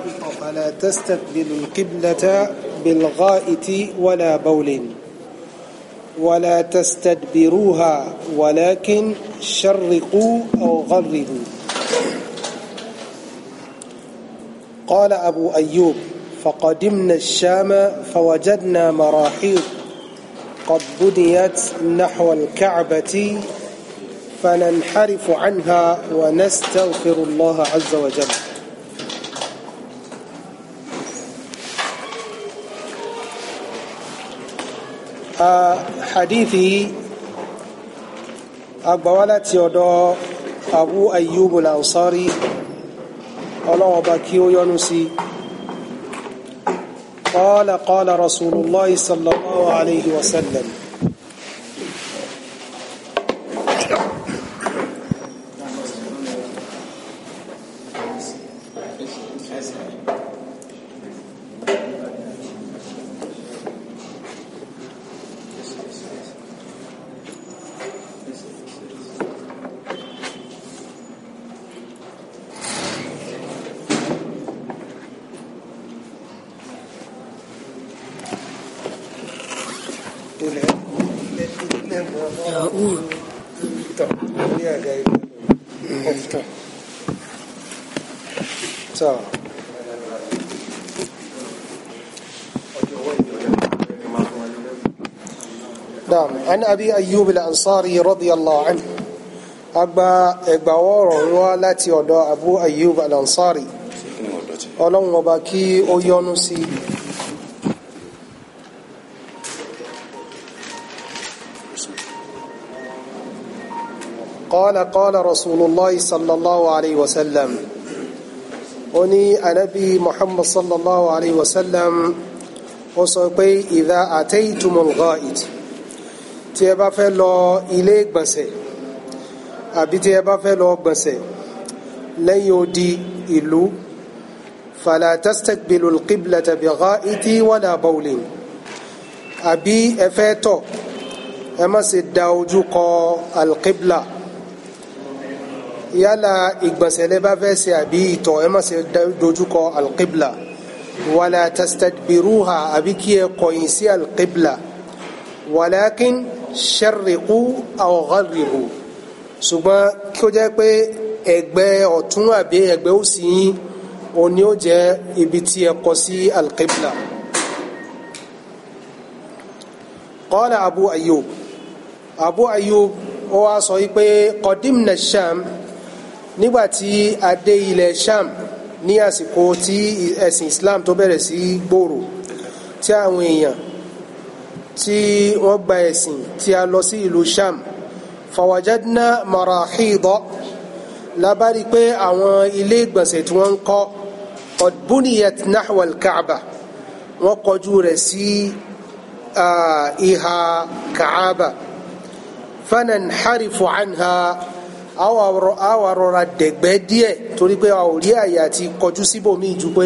غائط فلا تستقبل القبلة بالغائط ولا بول ولا تستدبروها ولكن شرقوا أو غربوا قال أبو أيوب فقدمنا الشام فوجدنا مراحيض قد بنيت نحو الكعبة فننحرف عنها ونستغفر الله عز وجل حديثي أقبالة يدو أبو أيوب الأنصاري ọlọ́wọ́n bá kí ó yọ́nú sí قال قال رسول الله صلى الله عليه وسلم huyu sawa نعم عن أبي أيوب الأنصاري رضي الله عنه أبا إبوار والتي أبو أيوب الأنصاري ألون وبكي أيونسي قال قال رسول الله صلى الله عليه وسلم أني أنبي محمد صلى الله عليه وسلم وصبي إذا أتيتم الغائط tí ẹ bá fẹ́ lọ ilé gbọ̀nsẹ̀ àbí tí ẹ bá fẹ́ lọ gbọ̀nsẹ̀ lẹ́yìn odi ìlú fala tastaqbilu al-qiblata bi gha'iti wala bawlin àbí ẹ fẹ́ tọ̀ ẹ má ṣe da ojú kọ al-qibla. Al yálà ìgbọ̀nsẹ̀lẹ̀ bá fẹ́ ṣe àbí ìtọ̀ ẹ má ṣe dojúkọ alqibla wàlá tastadbiruha àbí kí ẹ kọ̀yìn sí alqibla wàlákin sharriqu aw gharribu ṣùgbọ́n kí ó jẹ́ pé ẹgbẹ́ ọ̀tún àbí ẹgbẹ́ òsì yín o ní ó jẹ́ ibi tí ẹ alqibla qala abu ayub abu ayub ó wá sọ wípé qadimna sham nígbàtí a dé ilẹ̀ sham ní àsìkò tí ẹ̀sìn islam tó bẹ̀rẹ̀ sí gbòòrò tí àwọn èèyàn tí wọ́n gba ẹ̀sìn tí a lọ sí ìlú sham fawajadna marahidọ labari pé àwọn ilé ìgbọ̀nsẹ̀ tí wọ́n ń kọ́ ọ̀dbúniyat nahwal kaaba wọ́n kọjú rẹ̀ sí ìhà kaaba fanan harifu anha a wà rọra dẹ̀gbẹ́ díẹ̀ torí pé a ò rí àyè àti kọjú síbòmíì ju pé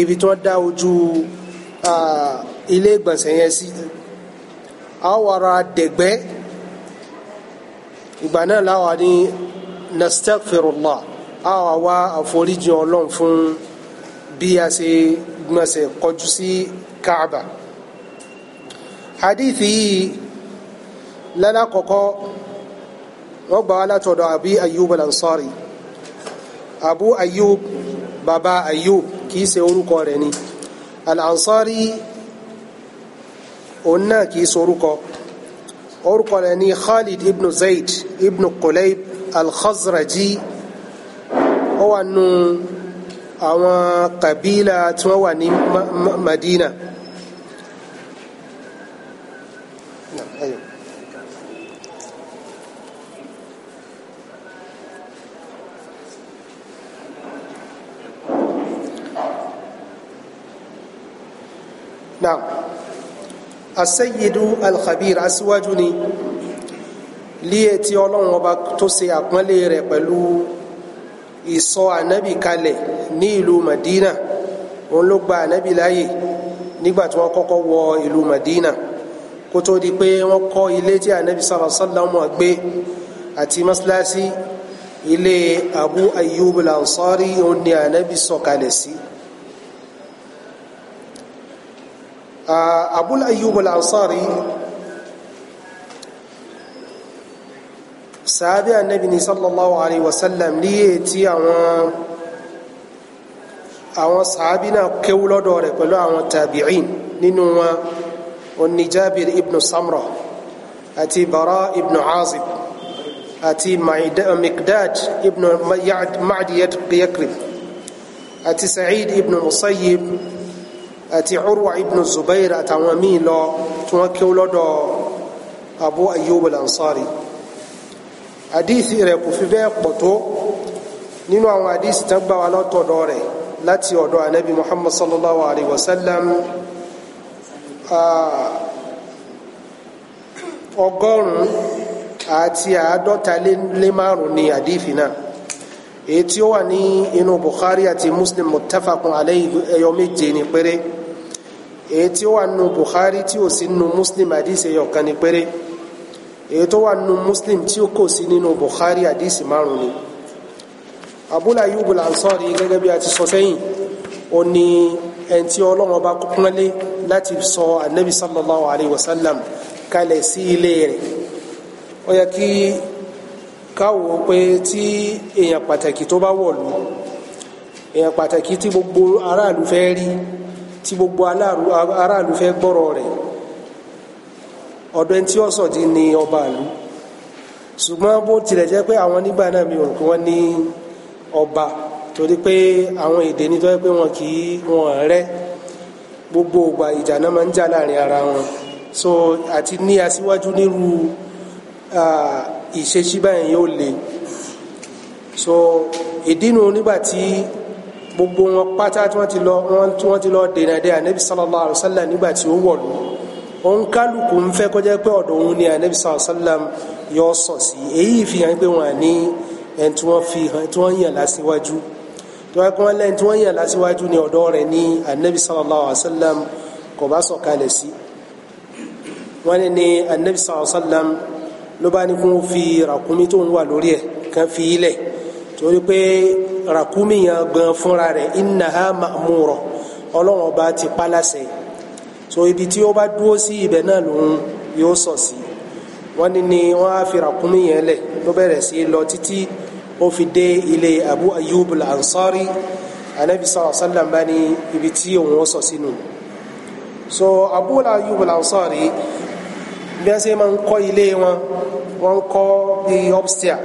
ibi tí wọ́n dá ojú ilé ìgbọ̀nsẹ̀ yẹn sí a wà rọra dẹ̀gbẹ́ ìgbà náà láwa ní nastaghfirullah a wà wá àforíjì ọlọ́run fún bí a ṣe gbọ̀nsẹ̀ kọjú sí Kaaba hadithi yìí lálàkọ́kọ́ wọ́n gbà wá látọ̀dọ̀ àbí ayub al-ansari abu ayub baba ayub kìí ṣe orúkọ rẹ̀ ni al-ansari òun náà kìí ṣe orúkọ orúkọ rẹ̀ ni khalid ibn zayd ibn kulayb al-khazraji ó nù àwọn kabila tí wọ́n wà ní madina. Ma asẹ́yìdú alkhabir aṣíwájú ni líè tí ọlọ́run ọba tó ṣe àpọ́nlé rẹ̀ pẹ̀lú ìsọ ànábì kalẹ̀ ní ìlú Madina òun ló gba ànábì láàyè nígbà tí wọ́n kọ́kọ́ wọ ìlú Madina kó tó di pé wọ́n kọ́ ilé tí ànábì sallallahu alaihi gbé àti mọ́sálásí ilé Abu Ayyub al òun ni ànábì sọ̀kalẹ̀ sí. Si Abul Ayyub al-Ansari sàábí ànábì ní sallallahu alayhi wa sallam ní ètí àwọn àwọn sàábí náà kéwú lọ́dọ̀ rẹ̀ pẹ̀lú àwọn tàbí'in nínú wọn oní Jabir ibn Samra àti Bara ibn Azib àti Miqdad ibn Ma'diyat Yakrib àti Sa'id ibn Musayyib àti urwa ibn zubair àtàwọn míì lọ tí wọ́n kéw lọ́dọ̀ abu ayyub al-ansari àdíìsì rẹ̀ kò fi bẹ́ẹ̀ pọ̀ tó nínú àwọn àdíìsì tán gbà wá lọ́tọ̀ọ̀dọ̀ rẹ̀ láti ọ̀dọ̀ anabi muhammad sallallahu alayhi wa sallam ọgọ́rùn àti àádọ́ta lé márùn-ún ni náà èyí tí ó wà ní inú bukhari àti muslim muttafaqun alayhi ẹyọ méje ni péré èyí tí ó wà nù Bukhari tí ó sì nù Muslim àdìsí ẹyọkan ní péré èyí tó wà nù Muslim tí ó kò sí nínú Bukhari àdìsí márùn ni Abu Ayyub al-Ansari gẹ́gẹ́ bí a ti sọ sẹ́yìn ó ní ẹni tí Ọlọ́run ọba kúnlé láti sọ anabi sallallahu alayhi wa sallam kalẹ̀ sí ilé rẹ̀ ó yẹ kí káwo pé tí èèyàn pàtàkì tó bá wọ̀lú èèyàn pàtàkì tí gbogbo aráàlú fẹ́ rí tí gbogbo aráàlú fẹ́ gbọ́rọ̀ rẹ̀ ọ̀dọ̀ ẹni tí ó sọ di ni ọba àlú ṣùgbọ́n bó tilẹ̀ jẹ́ pé àwọn nígbà náà mi ò rò pé wọ́n ní ọba torí pé àwọn èdè nítorí pé wọn kì í wọn rẹ́ gbogbo ògbà ìjà náà máa ń jà láàrin ara wọn so àti ní aṣíwájú nírú ìṣesí báyìí yóò le so ìdínú nígbà tí gbogbo wọn pátá tí wọ́n ti lọ wọ́n tí wọ́n ti lọ dènà dé anabi sallallahu alayhi wa sallam nígbà tí ó wọ̀lú òun kálukú ń fẹ́ kọjá pé ọ̀dọ̀ òun ni anabi sallallahu alayhi wa sallam yọ sọ̀ sí èyí fi hàn pé wọ́n ní ẹni tí wọ́n fi hàn tí wọ́n yàn lásìwájú tó wá kí lẹ́yìn tí wọ́n yàn lásìwájú ni ọ̀dọ̀ rẹ̀ ní anabi sallallahu alayhi wa sallam kò bá sọ̀ kalẹ̀ sí wọ́n ní ni anabi sallallahu alayhi wa sallam ló bá ní kó fi ràkúnmí tó ń wà lórí ẹ̀ kan fi ilẹ̀ torí pé ràkúmí yẹn gan fúnra rẹ̀ innaha ma'mura ọlọ́run ọba ti pálásẹ̀ so ibi tí ó bá dúró sí ibẹ̀ náà lòun yóò sọ̀ sí wọ́n ní ni wọ́n á fi ràkúmí yẹn lẹ̀ ló bẹ̀rẹ̀ sí lọ títí ó fi dé ilé Abu Ayub al-Ansari anabi sallallahu alaihi wa sallam bá ní ibi tí òun ó sọ̀ sínú so Abu Ayub al-Ansari bí wọ́n ṣe máa ń kọ́ ilé wọn wọ́n ń kọ́ bíi upstairs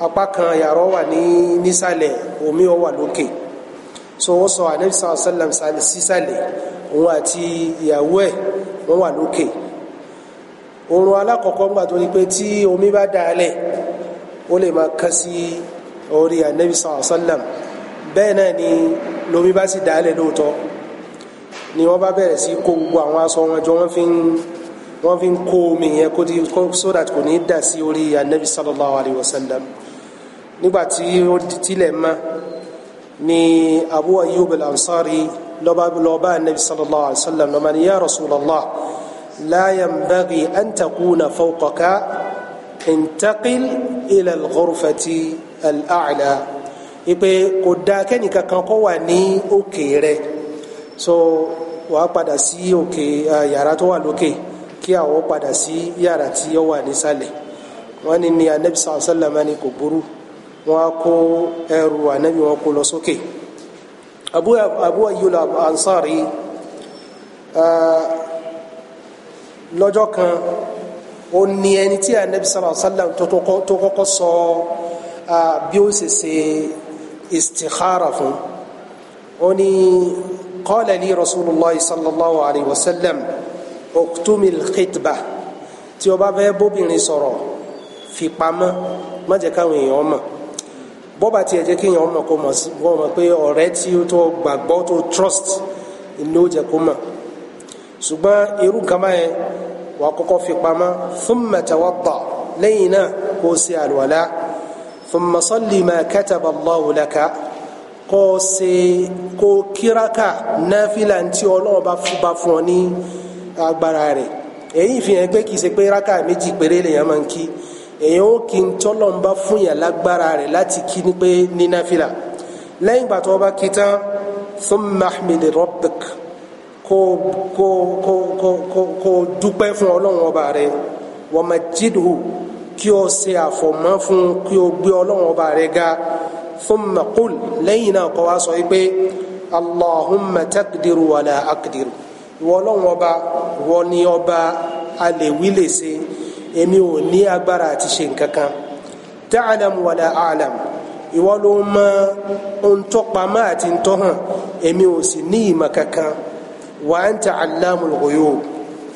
apá kan yàrá wà ní nísàlẹ̀ omi ó wà lókè so wọ́n sọ anabi sàlọ sàlám sísàlẹ̀ òun àti ìyàwó ẹ̀ wọ́n wà lókè oorun alákọ̀ọ́kọ́ ńgbà tó ní pé tí omi bá dàálẹ̀ ó lè máa kán sí orí anabi sàlọ bẹ́ẹ̀ náà ni lomi bá sì dàálẹ̀ lóòótọ́ ni wọ́n bá bẹ̀rẹ̀ sí kó gbogbo àwọn aṣọ wọn jọ wọ́n fi ń wọ́n fi ń kó omi yẹn kó so that kò ní dà sí orí anabi sallallahu alayhi wa sallam nígbàtí ó tilẹ̀ mọ́ ni abu ayyub al-ansari lọ́ba lọ́ba anabi sallallahu alayhi wa sallam lọ́ba ni ya rasulallah la yanbaghi an takuna fawqaka intaqil ila al-ghurfati ipe kò dáa kẹ́nìkan kan kó wà ní òkè rẹ̀ so wàá padà sí òkè yàrá tó wà lókè kí àwọn padà sí yàrá tí ó wà nísàlẹ̀ wọ́n ni anabi sallallahu alayhi wa sallam ni kò burú wọn kó ẹrù ànábì wọn kó lọ sókè abu abu ayyul ansari lọ́jọ́ kan ó ní ẹni tí ànábì sallallahu alaihi wasallam tó kọ́kọ́ sọ bí ó sì ṣe istikhara fún ó ní qala li rasulullah sallallahu alaihi wasallam oktumil khitba tí o bá fẹ́ bóbìnrin sọ̀rọ̀ fipamọ́ má jẹ́ bọ́ba tiẹ̀ jẹ́ kí èèyàn ọmọ kó mọ̀ pé ọ̀rẹ́ tí ó tó gbàgbọ́ tó trust ni ó jẹ́ kó mọ̀ ṣùgbọ́n irú nǹkan báyẹn wà kọ́kọ́ fi pamọ́ thumma tawadda lẹ́yìn náà kó o ṣe àlùwàlá thumma salli ma kataba Allahu kó o ṣe kó o kíraka náfìlà tí Ọlọ́run bá fún ọ ní agbára rẹ̀ èyí fi hàn pé kì í ṣe pé rákà méjì péré lèèyàn máa ń kí èyàn ó kí n tọ́lọ̀ ń bá fún yàn lágbára rẹ̀ láti kí ni pé ní náfìlà lẹ́yìn ìgbà tó o bá kí tán thumma ahmid rabbik kó kó kó kó kó kó dúpẹ́ fún ọlọ́run ọba rẹ̀ wa majjidhu kí o ṣe àfọ̀mọ́ fún kí o gbé ọlọ́run ọba rẹ̀ ga thumma qul lẹ́yìn náà kó wá sọ pé allahumma takdiru wala akdiru ìwọ ọlọ́run ọba ìwọ ni ọba alèwí lè ṣe èmi ò ní agbára àti ṣe nǹkan kan ta'lam wala a'lam ìwọ ló mọ ohun tó pamọ́ àti ń tọ́ hàn èmi ò sì ní ìmọ̀ kankan wa anta allamul ghuyub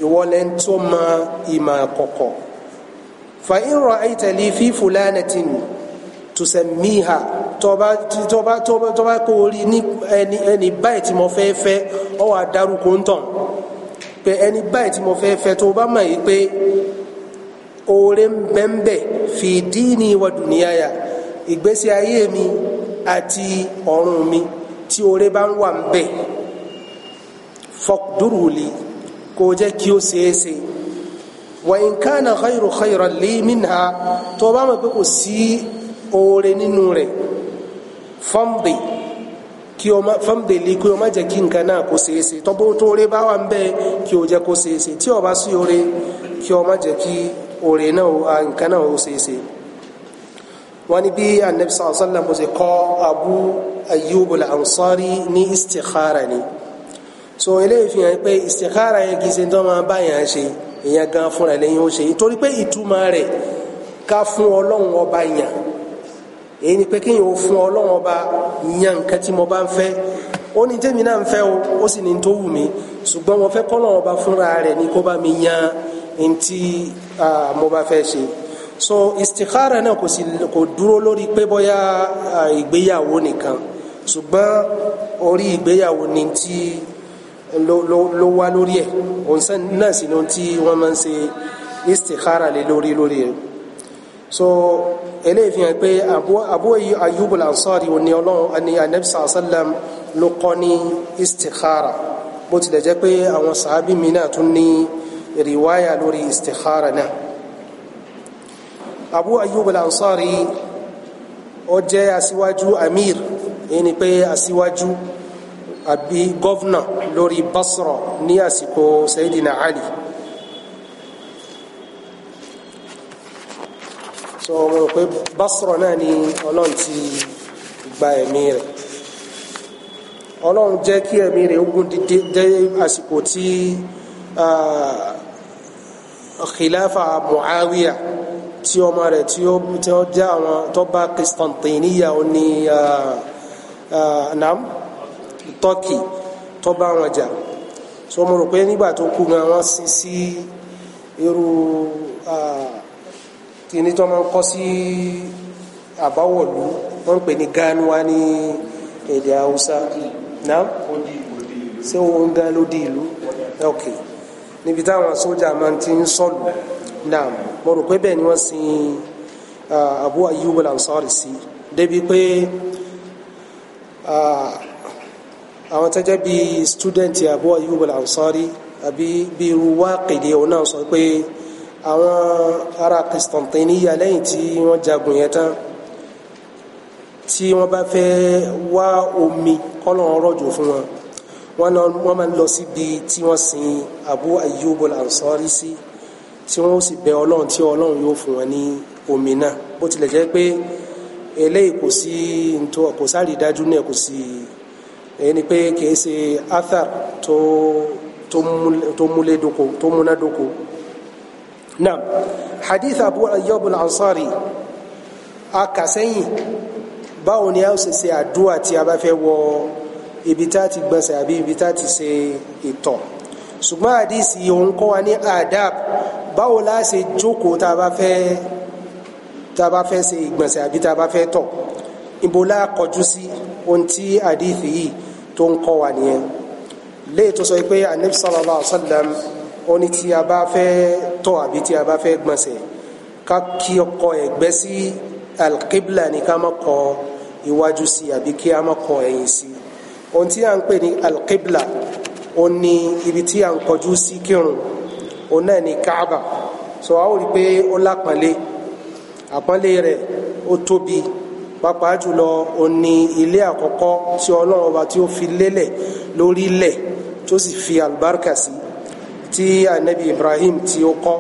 ìwọ lẹ́ ń tó mọ ìmọ̀ àkọ́kọ́ fa in ra'ayta li fi fulanatin tusammiha tọba tọba tọba tọba kó orí ní ẹni ẹni báyìí tí mo fẹ́ fẹ́ ọ wà dárúkọ ń tàn pé ẹni báyìí tí mo fẹ́ fẹ́ tó bá mọ̀ yìí pé oore ń bẹ́ńbẹ́ fi wa dùnìyàyà ìgbésí ayé mi àti ọ̀run mi tí oore bá ń wà ń bẹ̀ fọkdúrúli kó jẹ́ kí ó ṣeéṣe wa in kana khayru tó bá mọ̀ pé kò sí oore nínú rẹ̀ fọ́ǹdì kí o ma fọ́ǹdì li kí o má jẹ́ kí nǹkan náà kó ṣeéṣe tọ́bó tó o jẹ́ kó ṣeéṣe tí o bá sí oore kí o má jẹ́ òrè náà nǹkan náà ó ṣeé ṣe wọ́n ní bí anabi sallallahu alayhi wa sallam ó ṣe kọ́ abu ayyub al-ansari ní istikhara ni so eléyìí fi hàn pé istikhara yẹn kì í ṣe tó máa bá yàn ṣe ìyẹn gan fúnra lẹ́yìn ó ṣe torí pé ìtumọ̀ rẹ̀ ká fún ọlọ́run ọba yàn èyí ni pé kéèyàn ó fún ọlọ́run ọba yan nǹkan tí mo bá ń fẹ́ ó ní tèmi náà ń fẹ́ o ó sì ní tó wù mí ṣùgbọ́n mo fẹ́ kọ́ ọlọ́run ọba fúnra rẹ̀ ni kó bá mi yan nti mo bá fẹ́ ṣe so istikhara náà kò sì kò dúró lórí pé bóyá ìgbéyàwó nìkan ṣùgbọ́n orí ìgbéyàwó ni tí ló wá lórí ẹ̀ òun náà sì ni tí wọ́n máa ń ṣe istikhara lé lórí lórí ẹ̀ so eléyìí fi hàn pé Abu Ayyub al-Ansari ni ọlọ́run ni anabi sallam ló kọ́ ní istikhara bó tilẹ̀ jẹ́ pé àwọn sàábì mi náà tún ní riwaya lórí istikhara náà abu ayyub al-ansari ó jẹ́ aṣíwájú amir èyí ni pé aṣíwájú àbí gọ́vnà lórí basra ní àsìkò sayidina ali so mo rò pé basra náà ni ọlọ́run ti gba ẹ̀mí rẹ̀ ọlọ́run jẹ́ kí ẹ̀mí rẹ̀ ogun dídé dé àsìkò tí ah, khilafa muawiya tí ọmọ rẹ̀ tí ó tí ó jẹ́ àwọn tó bá Qistantiniya ó ní nam tọ́kì tó bá wọn jà so mo rò pé nígbà tó kú gan wọ́n sin sí irú kíní tó máa ń kọ́ sí àbáwọ̀lú wọ́n ń pè ní ganwa ní èdè haúsá náà ṣé òun gan ló di ìlú ok níbi táwọn sójà máa ti ń sọ̀lù náà mo rò pé bẹ́ẹ̀ ni wọ́n sin Abu Ayubu al-Ansari sí débi pé àwọn tẹ́jẹ́ bíi stúdẹ̀ntì Abu Ayubu al-Ansari àbí bíi irú Waqidi òun náà sọ pé àwọn ará Qistantiniya lẹ́yìn tí wọ́n jagun yẹn tán tí wọ́n bá fẹ́ wá omi kọ́lọ̀ ọ̀rọ̀jò fún wọn wọ́n máa ń lọ síbi tí wọ́n sin Abu Ayyub al-Ansari sí tí wọ́n sì bẹ ọlọ́run tí ọlọ́run yóò fún wọn ní omi náà bó tilẹ̀ jẹ́ pé eléyìí kò sí ntọ́ kò sáré dájú náà kò sí ẹni pé kìí ṣe athar tó tó múlẹ̀dóko tó múnádóko náà hadith Abu Ayyub al-Ansari a kà sẹ́yìn báwo ni a ṣe ṣe àdúrà tí a bá fẹ́ wọ ibi tá ti gbọ̀nsẹ̀ àbí ibi tá ti ṣe ìtọ̀ ṣùgbọ́n àdìsí òun kọ́ wa ní adab báwo la ṣe jókòó tá a bá fẹ́ tá a bá fẹ́ ṣe ìgbọ̀nsẹ̀ àbí tá a bá fẹ́ tọ̀ ibo la kọjú sí ohun tí àdìsí yìí tó ń kọ́ wa nìyẹn léè tó sọ pé anabi sallallahu alayhi wa sallam ó ní tí a bá fẹ́ tọ̀ àbí tí a bá fẹ́ gbọ̀nsẹ̀ ká kí ọkọ ẹ̀gbẹ́ sí alqibla ni ká má kọ iwájú sí àbí kí a má kọ ẹ̀yìn sí ohun tí a ń pè ní alqibla ó ní ibi tí a ń kọjú sí kírun òun náà ní kaaba so a ó rí i pé ó lápọ́nlé àpọ́nlé rẹ̀ ó tóbi pàápàá jùlọ ó ní ilé àkọ́kọ́ tí ọlọ́run ọba tí ó fi lélẹ̀ lórí ilẹ̀ tó sì fi àlùbáríkà sí tí anabi ibrahim tí ó kọ́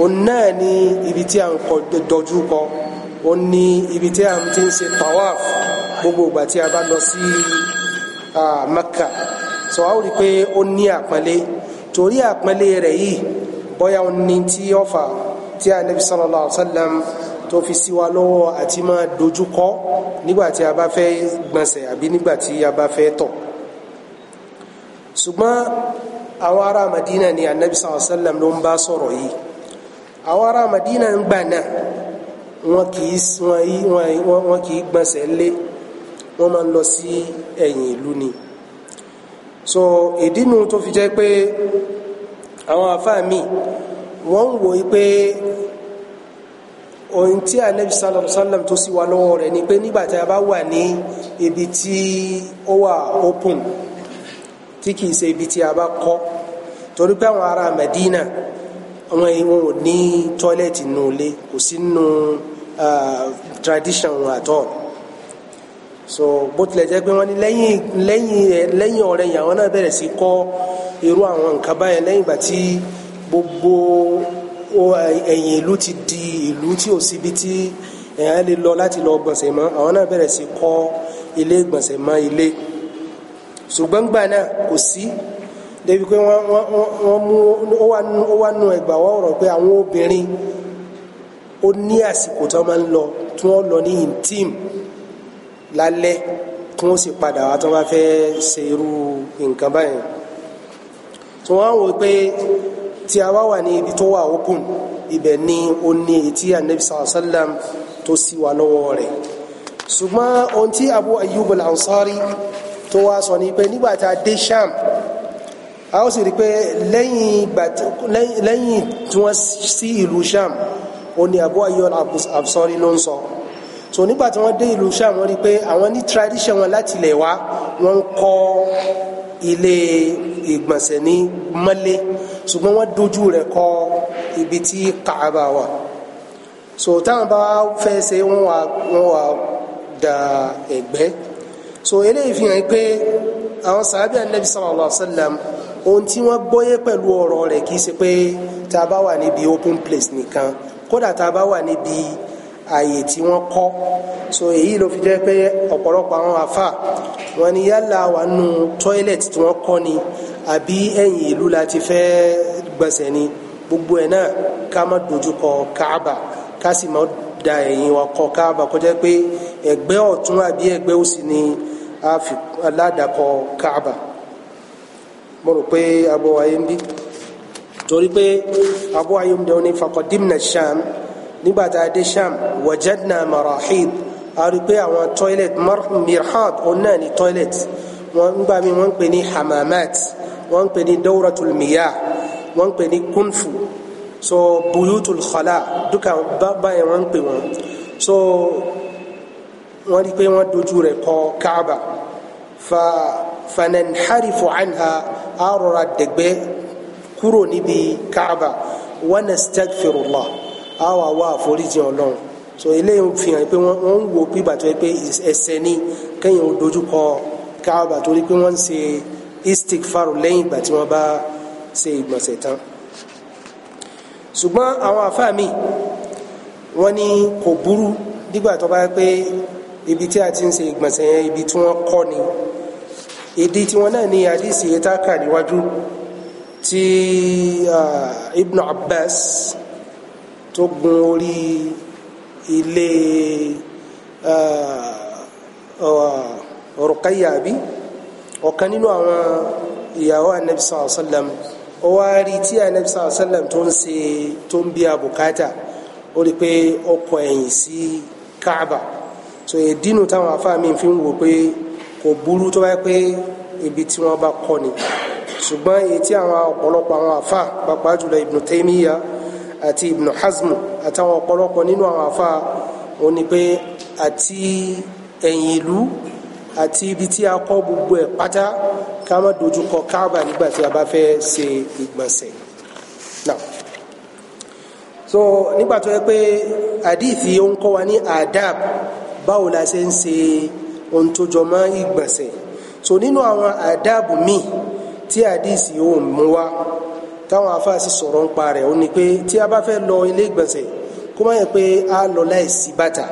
òun náà ní ibi tí a ń dojú kọ òun ní ibi tí a ti ń ṣe tawaf gbogbo ìgbà tí a bá lọ sí. Si Mẹ́kà sọ wá rí i pé ó ní àpọ́nlé torí àpọ́nlé rẹ̀ yìí bóyá ó ní tí ó fà tí anabi sallallahu alayhi wa sallam tó fi sí wa lọ́wọ́ àti máa dojúkọ nígbà a bá fẹ́ gbọ̀nsẹ̀ àbí nígbà a bá fẹ́ tọ̀ ṣùgbọ́n àwọn ará Madina ni anabi sallallahu alayhi wa ló ń bá sọ̀rọ̀ yìí àwọn ará Madina ń gbà náà wọn kì í gbọ̀nsẹ̀ lé wọ́n máa ń lọ sí ẹ̀yìn ìlú ni so ìdínú tó fi jẹ́ pé àwọn àfáà mi wọ́n ń wòye pé ohun tí anabi sallallahu alaihi wa sallam tó sì wà lọ́wọ́ rẹ̀ ni pé nígbà tí a bá wà ní ibi tí ó wà open tí kìí ṣe ibi tí a bá kọ́ torí pé àwọn ará Medina wọn wọn ò ní tọ́lẹ̀tì nù lé kò sí nù ah, tradition wọn at all so bó tilẹ̀ jẹ́ pé wọ́n ní lẹ́yìn lẹ́yìn lẹ́yìn ọ̀rẹ́ yìí àwọn náà bẹ̀rẹ̀ sí kọ́ irú àwọn nǹkan báyẹn lẹ́yìn ìgbà tí gbogbo ẹ̀yìn ìlú ti di ìlú tí ò síbi tí èèyàn lè lọ láti lọ gbọ̀nsẹ̀ mọ́ àwọn náà bẹ̀rẹ̀ sí kọ́ ilé gbọ̀nsẹ̀ mọ́ ilé ṣùgbọ́n gbà náà kò sí débi pé wọ́n wọ́n mú ó wà nù ẹ̀gbà wọ́n rọ̀ pé àwọn obìnrin ó ní àsìkò tó máa ń lọ tí wọ́n lọ ní intime lálẹ́ kí wọ́n sì padà wá tí wọ́n bá fẹ́ ṣe irú nǹkan báyìí tí wọ́n wò pé tí a wá wà ní ibi tó wà open ibẹ̀ ni ó ní etí anabi sallam tó sì wà lọ́wọ́ rẹ̀ ṣùgbọ́n ohun tí abu ayyub al-ansari tó wá sọ ni pé nígbà tá a dé sham a ó sì rí i pé lẹ́yìn tí wọ́n sí ìlú sham ó ní abu ayyub al-ansari ló ń sọ so nígbà tí wọ́n dé ìlú Ṣáà wọ́n rí i pé àwọn ní tradition wọn láti ilẹ̀ wá wọ́n ń kọ́ ilé ìgbọ̀nsẹ̀ ní mọ́lé ṣùgbọ́n wọ́n dojú rẹ̀ kọ ibi tí Kaaba wà so táwọn bá fẹ́ ṣe wọ́n wà wọ́n wà da ẹ̀gbẹ́ so eléyìí fi hàn pé àwọn sàábì anabi sallallahu alayhi wa sallam ohun tí wọ́n gbọ́yé pẹ̀lú ọ̀rọ̀ rẹ̀ kì í ṣe pé tá a bá wà níbi open place nìkan kódà tá a bá wà níbi ààyè tí wọ́n kọ́ so èyí ló fi jẹ́ pé ọ̀pọ̀lọpọ̀ àwọn afa wọn ni yálà wà nù toilet tí wọ́n kọ́ ni àbí ẹ̀yìn ìlú la ti fẹ́ gbọ̀nsẹ̀ ni gbogbo ẹ̀ náà ká má dojúkọ káàbà ká sì má da ẹ̀yìn wa kọ káàbà kó jẹ́ pé ẹ̀gbẹ́ ọ̀tún àbí ẹ̀gbẹ́ òsì ni aládàkọ káàbà mo rò pé abọ́ ayé ń bí torí pé abọ́ ayé ń dẹ́wọ́n ní fakọ́dímnà sham nígbà tá a dé sham wajadna marahid a rí pé àwọn toilet mirhad òun náà ni toilet wọn ń gbà mí wọn ń pè ní hamamat wọn ń pè ní dawratul miyah wọn ń pè ní kunfu so buyutul khala duka báyẹn wọn ń pè wọn so wọn rí pé wọn dojú rẹ̀ kọ kaaba fa fananharifu anha a rọra dẹ̀gbẹ́ kúrò níbi kaaba wa nastaghfirullah á wà wá àforíjì ọlọ́run so eléyìí fi hàn pé wọ́n ń wo bíbà tó yẹ pé ẹsẹ̀ ni kẹ́yìn ò dojúkọ káàbà torí pé wọ́n ń ṣe istikfaru lẹ́yìn ìgbà tí wọ́n bá ṣe ìgbọ̀nsẹ̀ tán ṣùgbọ́n àwọn àfáà mi wọ́n ní kò burú nígbà tó bá pé ibi tí a ti ń ṣe ìgbọ̀nsẹ̀ yẹn ibi tí wọ́n kọ́ ni èdè tiwọn náà ní àdìsí yẹn níwájú tí ah, Ibn Abbas tó gun orí ilé Ruqayya bí ọ̀kan nínú àwọn ìyàwó anabi sallallahu alayhi sallam ó wá rí tí anabi sallallahu alayhi sallam tó ń ṣe tó ń bí abùkátà ó rí pé ó ẹ̀yìn sí Káàbà so ìdínú táwọn afáàmì fi ń wò pé kò burú tó bá pé ibi tí wọ́n bá kọ́ ni ṣùgbọ́n èyí tí àwọn ọ̀pọ̀lọpọ̀ àwọn afá pàápàá jùlọ Ibn Taymiyyah àti ibn hazm àtàwọn ọ̀pọ̀lọpọ̀ nínú àwọn afa òun ni pé àti ẹ̀yìn ìlú àti ibi tí a kọ́ gbogbo ẹ̀ pátá ká má dojú kọ káàbà nígbà tí a bá fẹ́ ṣe ìgbọ̀nsẹ̀ náà so nígbà tó yẹ pé àdìsí ó ń kọ́ wa ní adab báwo la ṣe ń ṣe ohun tó jọ mọ́ ìgbọ̀nsẹ̀ so nínú àwọn adab míì tí àdìsí ó ń mú wa táwọn afáàsì sọ̀rọ̀ ń pa rẹ̀ ó ní pé tí a bá fẹ́ lọ ilé ìgbọ̀nsẹ̀ kó má yẹ pé a lọ láìsí bàtà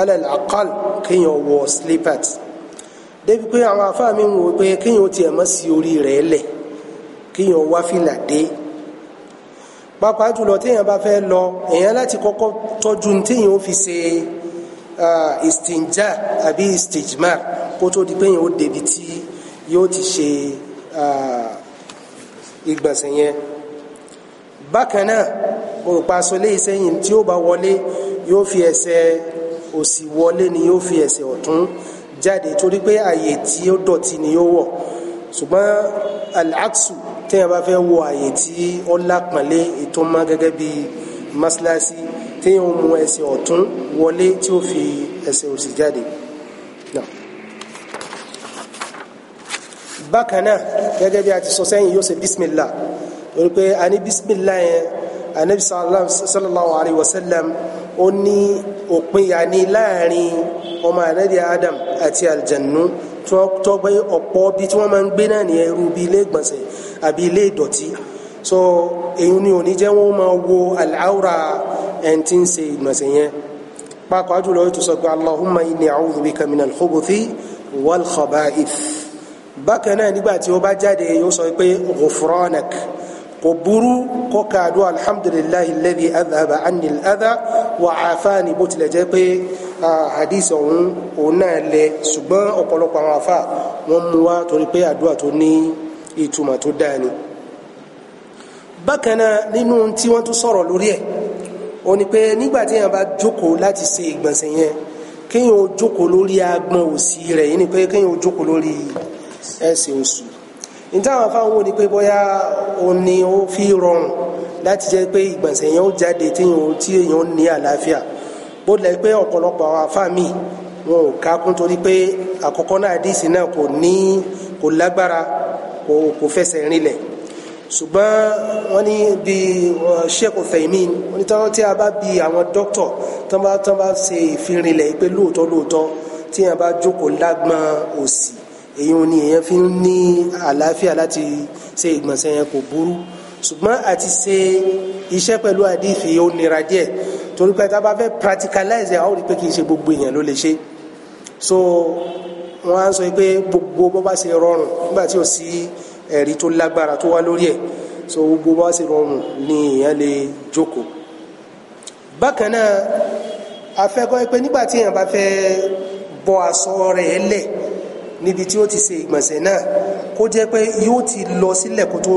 alal aqal kéèyàn wọ slippers débi pé àwọn afáà mi ń wò pé kéèyàn tiẹ̀ mọ́ sí orí rẹ̀ lẹ̀ kéèyàn wá fìlà dé pàápàá jùlọ téèyàn bá fẹ́ lọ èèyàn láti kọ́kọ́ tọ́jú téèyàn ó fi ṣe istinja àbí istijmar kó tó di pé èèyàn ó débi tí yóò ti ṣe. Uh, ìgbọ̀nsẹ̀ yẹn bákan náà mo rò pa aṣọ lé ìsẹ́yìn tí ó bá wọlé yóò fi ẹsẹ̀ òsì wọlé ni yóò fi ẹsẹ̀ ọ̀tún jáde torí pé àyè tí ó dọ̀tí ni yóò wọ̀ ṣùgbọ́n al-aksu téèyàn bá fẹ́ wọ àyè tí ó lápọ̀nlé ètò mọ́ gẹ́gẹ́ bí mọ́ṣáláṣí téèyàn mú ẹsẹ̀ ọ̀tún wọlé tí ó fi ẹsẹ̀ òsì jáde. bákan náà gẹ́gẹ́ bí a ti sọ sẹ́yìn yóò ṣe bísímìlá torí pé a ní bísímìlá yẹn anabi sallallahu alayhi wa sallam ó ní òpin yà ní láàrin ọmọ anabi adam àti aljannu tó gbé ọ̀pọ̀ bí tí wọ́n máa ń gbé náà ní ẹrú bí ilé ìgbọ̀nsẹ̀ àbí ilé ìdọ̀tí so èyí ni òní jẹ́ wọ́n máa wo aláwòrán ẹn tí ń ṣe ìgbọ̀nsẹ̀ yẹn pàápàá jùlọ ètò sọ pé allahumma inni a'udhu bika minal khubuthi wal khaba'ith bákan náà nígbà tí ó bá jáde yóò sọ pé ghufranak kò burú kó kaadu alhamdulillahi alladhi adhaba anni al-adha wa afani bó tilẹ̀ jẹ́ pé hadith ọ̀hún òun náà lẹ ṣùgbọ́n ọ̀pọ̀lọpọ̀ àwọn afa wọ́n mú wá torí pé àdúrà tó ní ìtumọ̀ tó dáa ni bákan náà nínú tí wọ́n tún sọ̀rọ̀ lórí ẹ̀ ó ní pé nígbà tí bá jókòó láti ṣe ìgbọ̀nsẹ̀ yẹn kéèyàn ó jókòó lórí agbọ̀n òsì rẹ̀ yìí ni pé kéèyàn ó jókòó lórí yìí ẹ ṣe oṣù nítawọn afáwọn wò ni pé bóyá òun ni ó fi rọrùn láti jẹ́ pé ìgbọ̀nsẹ̀ yẹn ó jáde tí èèyàn ó ní àlàáfíà bó lẹ pé ọ̀pọ̀lọpọ̀ àwọn afá mi wọn ò kákún torí pé àkọ́kọ́ náà àdìsí náà kò ní kò lágbára kò kò fẹsẹ̀ rinlẹ̀ ṣùgbọ́n wọ́n ní bí Sheikh Uthaymin onítọ́rọ́ tí a bá bi àwọn dókítọ̀ tán bá tán bá ṣe ìfirinlẹ̀ pé lóòótọ́ lóòótọ́ tí yẹn bá jókòó lágbọ́n òsì èyí ni èyàn fi ń ní àlàáfíà láti ṣe ìgbọ̀nsẹ̀ yẹn kò burú ṣùgbọ́n àti ṣe iṣẹ́ pẹ̀lú àdìsí ó nira díẹ̀ torí pé tá fẹ́ practicalize àwọn rí pé kì í ṣe gbogbo èèyàn ló lè ṣe so wọ́n á sọ pé gbogbo bó bá ṣe rọrùn nígbà tí ò sí ẹ̀rí tó lágbára tó wá lórí ẹ̀ so gbogbo bó bá ṣe rọrùn ni èèyàn lè jókòó bákan náà afẹ́kọ́ pé nígbà tí èèyàn bá fẹ́ bọ́ aṣọ rẹ̀ lẹ̀ níbi tí ó ti ṣe ìgbọ̀nsẹ̀ náà kó jẹ́ pé yóò ti lọ sílẹ̀ kó tó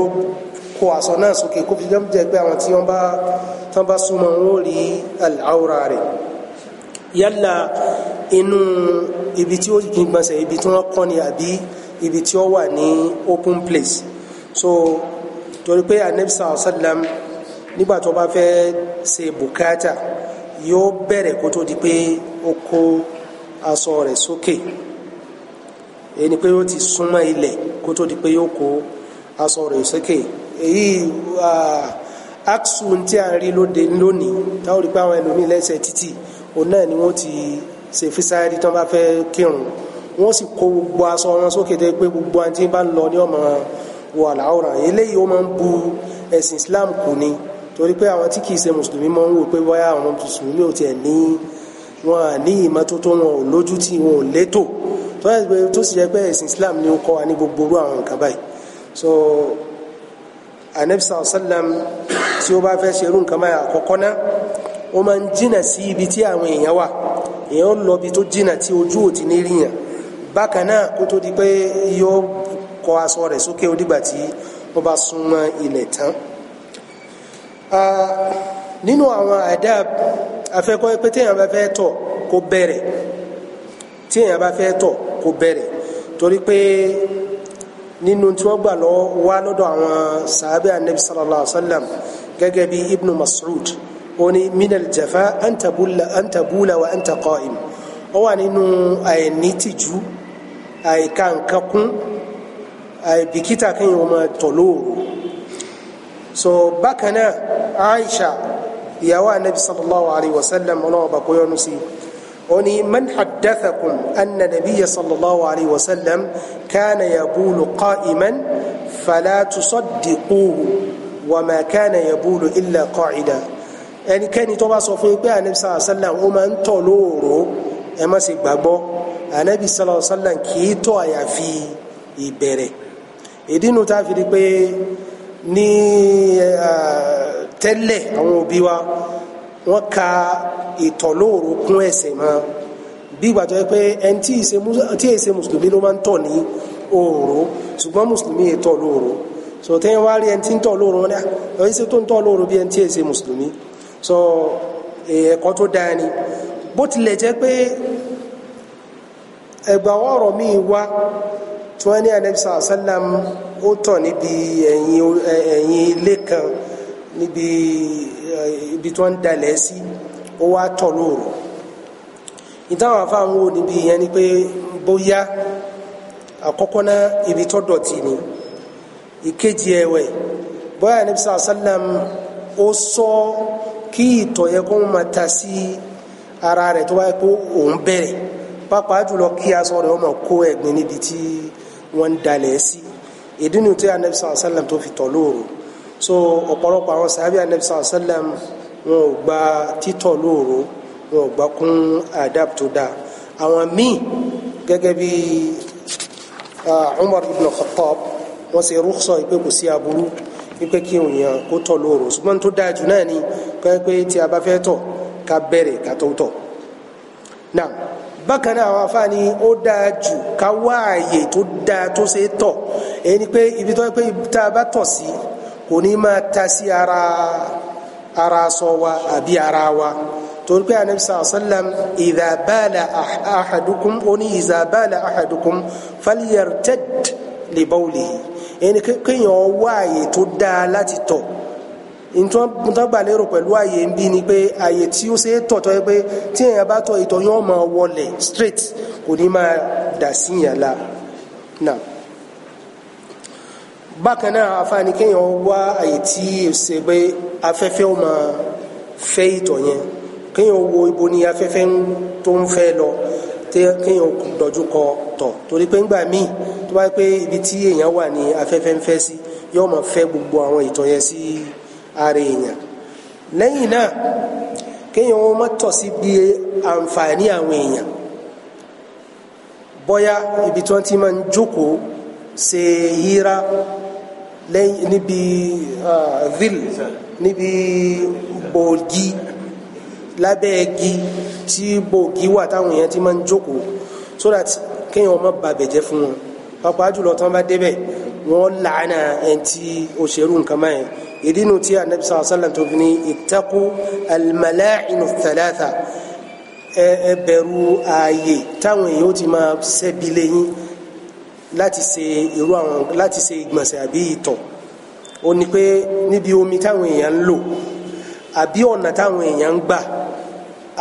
kó aṣọ náà sókè kó fi jẹ́ pé àwọn tí wọ́n bá súnmọ́ wọn rí àwòrán rẹ̀ yálà inú ibi tí ó gbọ̀nsẹ̀ ibi tí wọ́n kọ́ ni àbí ibi tí ó wà ní open place so torí pé anabisa ọ̀sálàm nígbà tó bá fẹ́ ṣe bùkátà yóò bẹ̀rẹ̀ kó tó di pé ó kó aṣọ rẹ̀ sókè. So, ẹni pé yóò ti súnmọ́ ilẹ̀ kó tó di pé yóò kó aṣọ rẹ̀ sókè èyí axu tí a rí lóde lónìí táwọn rí pé àwọn ẹlòmíín lẹ́sẹ̀ títì òun náà ni wọ́n ti ṣe físáárì tán bá fẹ́ kírun wọ́n sì kó gbogbo aṣọ wọn sókè tó pé gbogbo àti bá ń lọ ní ọmọ wà láwòrán eléyìí ó máa ń bu ẹ̀sìn Islam kù ni torí pé àwọn tí kìí ṣe mùsùlùmí máa ń wò pé bóyá àwọn mùsùlùmí ò tiẹ̀ ní wọn à ní ìmọ́tótó wọn ò lójútì wọn ò létò tó yà pé tó sì yẹ pé ẹ̀sìn Islam ni ó kọ́ wa ní gbogbo orú àwọn nǹkan báyìí so anabisa ọ̀sálàm tí ó bá fẹ́ ṣe irú nǹkan báyìí àkọ́kọ́ náà ó máa ń jìnà sí ibi tí àwọn èèyàn wà èèyàn lọ ibi tó jìnà tí ojú ò ti ní rí yàn bákan náà kó tó di pé yóò kọ aṣọ rẹ̀ sókè ó tí ó bá súnmọ́ ilẹ̀ tán nínú àwọn adab afẹ́kọ́ pé téèyàn bá fẹ́ tọ̀ kó bẹ̀rẹ̀ téèyàn bá fẹ́ tọ̀ kó bẹ̀rẹ̀ torí pé nínú tí wọ́n gbà lọ wá lọ́dọ̀ àwọn sàábẹ́ anabi sallallahu alayhi wa sallam gẹ́gẹ́ bí ibnu mas'ud ó ní minal jafa antabula wa antaqa'im ó wà nínú àìní tìjú àìka nǹkan kún àìbìkítà kéèyàn ọmọ tọ̀ so bákan náà aisha ìyàwó anabi sallallahu alayhi wa sallam ọlọ́wọ́ bàkóyọ́nù sí i oni man haddathakum anna nabiyya sallallahu alayhi wa sallam kana yaqulu qa'iman fala tusaddiquhu wa ma kana yaqulu illa qa'ida ẹnikẹ́ni tó bá sọ fún yín pé anabi sallallahu alayhi wa sallam ó máa ń tọ̀ lóòró ẹ má sì gbàgbọ́ anabi sallallahu alayhi wa sallam kì àyàfi ìbẹ̀rẹ̀ ìdínú tá fi di pé ní tẹ́lẹ̀ àwọn òbí wa wọ́n ka ìtọ̀lóòrò kún ẹsẹ̀ mọ́ bí gbàtọ́ pé ẹni tí èsè mùsùlùmí ló máa ń tọ̀ ní òòró ṣùgbọ́n mùsùlùmí ètò olóòró so tẹ́yìn wá rí ẹni tí ń tọ̀ olóòró wọn lọ́yìn sí tó ń tọ̀ olóòró bí ẹni tí èsè mùsùlùmí so ẹ̀kọ́ tó dáa ni bó tilẹ̀ jẹ́ pé ẹgbà ọ̀rọ̀ mi wá tí wọ́n ní anabisa asalam ó tọ̀ níbi ẹ̀yìn ilé kan níbi eh, ibi tí wọ́n ń dalẹ̀ sí ó wá tọ̀ lóòrò ìtàwọn afáwọn wo níbi ìyẹn ni pé bóyá àkọ́kọ́ náà ibi tó dọ̀tí ni ìkejì ẹ̀wẹ̀ bóyá níbi sàlám ó sọ kí ìtọ̀ yẹ kó máa ta sí ara rẹ̀ tó báyìí pé òun bẹ̀rẹ̀ pàápàá jùlọ kí aṣọ rẹ̀ ó máa kó ẹ̀gbin níbi tí wọ́n ń dalẹ̀ sí ìdí nu tí anabi sàlám tó fi tọ̀ lóòrò so ọ̀pọ̀lọpọ̀ àwọn sàbí anabi sàlẹ̀ wọn ò gba títọ̀ lóòró wọn ò gba kún adab tó dáa àwọn míì gẹ́gẹ́ bí Umar ibn Khattab wọ́n ṣe rúkṣọ ìpè kò sí aburú ìpè kí òyìn kó tọ̀ lóòró ṣùgbọ́n tó dáa jù náà ni pé tí a bá fẹ́ tọ̀ ká bẹ̀rẹ̀ ká tó tọ̀ náà bákan náà àwọn afáàní ó dáa jù ká wá tó dáa tó ṣe tọ̀ èyí ni pé ibi tó yẹ pé tá a bá tọ̀ sí. Si, kò ní máa ta sí ara ara sọ wa àbí ara wa torí pé anabi sallallahu alayhi wa sallam idha bala ahadukum ó ní idha bala ahadukum falyartad li bawlihi ẹni kéèyàn wá àyè tó dáa láti tọ̀ nítorí pẹ̀lú àyè ń bí ni pé àyè tí ó ṣe é tọ̀ tọ́ pé tí èèyàn bá tọ̀ ìtọ̀ yóò máa wọlé straight kò ní máa dà síyàn la náà bákan náà àǹfààní kéèyàn wá àyè tí ṣe pé afẹ́fẹ́ ó máa fẹ́ ìtọ̀ yẹn kéèyàn wo ibo ni afẹ́fẹ́ tó ń fẹ́ lọ kéèyàn dojú kọ tọ̀ torí pé ńgbà míì tó bá pé ibi tí èèyàn wà ní afẹ́fẹ́ ń fẹ́ sí yóò máa fẹ́ gbogbo àwọn ìtọ̀ yẹn sí ara èèyàn lẹ́yìn náà kéèyàn ó má tọ̀ sí bí àǹfààní àwọn èèyàn bóyá ibi tí wọ́n ti máa ń jókòó ṣe yíra lẹ́yìn níbi vil níbi bòógì lábẹ́ igi tí bòógì wà táwọn èèyàn ti máa ń jókòó so that kéèyàn má ba bẹ̀jẹ́ fún wọn pàápàá jùlọ tán bá débẹ̀ wọ́n làánà ẹni tí òṣèrú nǹkan máa yẹn ìdí nu tí anabi sallallahu alayhi wa sallam tó ní ittaqu al-mala'inu thalatha ẹ bẹ̀rù ààyè táwọn èèyàn ti máa ṣẹ́bi lẹ́yìn láti se irú àwọn láti ṣe ìgbọ̀nsẹ̀ àbí ìtọ̀ ó ní pé níbi omi táwọn èèyàn ń lò àbí ọ̀nà táwọn èèyàn ń gbà